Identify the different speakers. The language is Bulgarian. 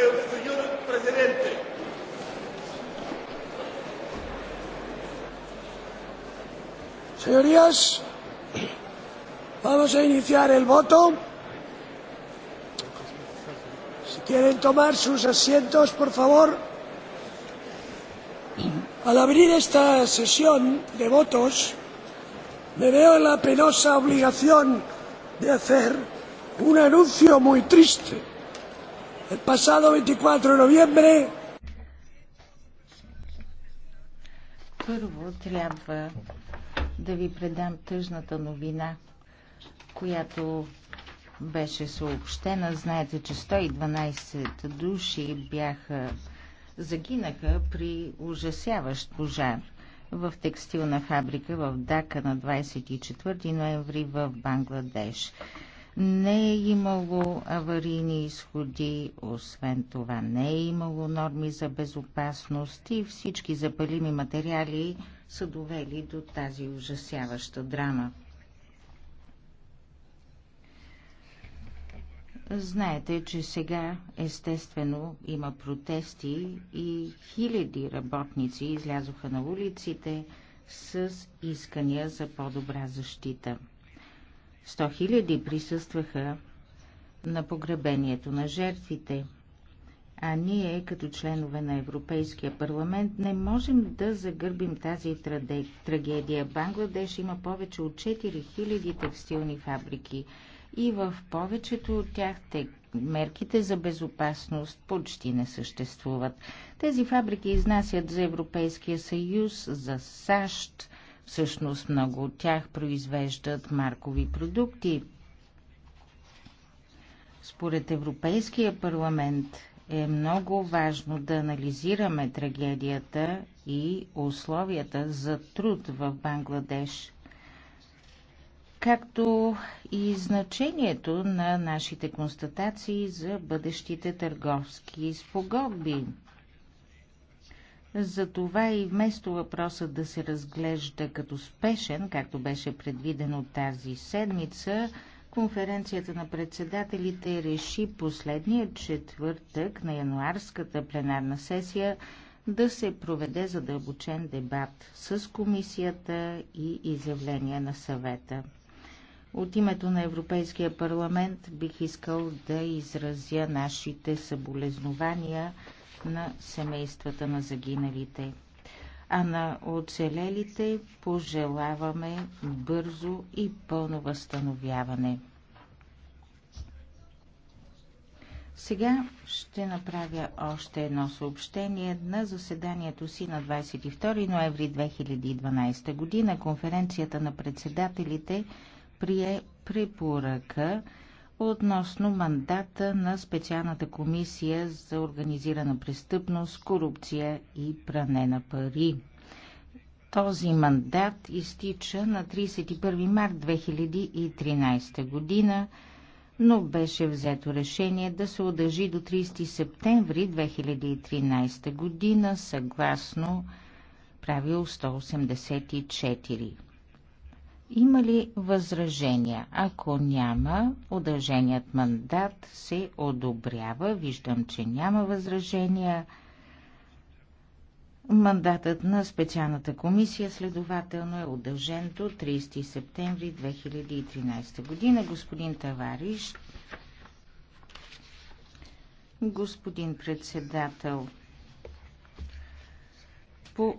Speaker 1: Señor presidente. Señorías, vamos a iniciar el voto. Si quieren tomar sus asientos, por favor. Al abrir esta sesión de votos, me veo en la penosa obligación de hacer un anuncio muy triste El pasado 24 de noviembre
Speaker 2: Първо трябва да ви предам тъжната новина, която беше съобщена. Знаете, че 112 души бяха загинаха при ужасяващ пожар в текстилна фабрика в Дака на 24 ноември в Бангладеш не е имало аварийни изходи, освен това не е имало норми за безопасност и всички запалими материали са довели до тази ужасяваща драма. Знаете, че сега естествено има протести и хиляди работници излязоха на улиците с искания за по-добра защита. 100 хиляди присъстваха на погребението на жертвите. А ние, като членове на Европейския парламент, не можем да загърбим тази трагедия. Бангладеш има повече от 4000 текстилни фабрики и в повечето от тях те, мерките за безопасност почти не съществуват. Тези фабрики изнасят за Европейския съюз, за САЩ, Всъщност много от тях произвеждат маркови продукти. Според Европейския парламент е много важно да анализираме трагедията и условията за труд в Бангладеш, както и значението на нашите констатации за бъдещите търговски спогодби. Затова и вместо въпросът да се разглежда като спешен, както беше предвидено тази седмица, конференцията на председателите реши последния четвъртък на януарската пленарна сесия да се проведе задълбочен дебат с комисията и изявление на съвета. От името на Европейския парламент бих искал да изразя нашите съболезнования – на семействата на загиналите. А на оцелелите пожелаваме бързо и пълно възстановяване. Сега ще направя още едно съобщение. На заседанието си на 22 ноември 2012 година конференцията на председателите прие препоръка относно мандата на специалната комисия за организирана престъпност, корупция и пране на пари. Този мандат изтича на 31 март 2013 година, но беше взето решение да се удържи до 30 септември 2013 година съгласно правил 184. Има ли възражения? Ако няма, удълженият мандат се одобрява. Виждам, че няма възражения. Мандатът на специалната комисия следователно е удължен до 30 септември 2013 година. Господин Тавариш, господин председател,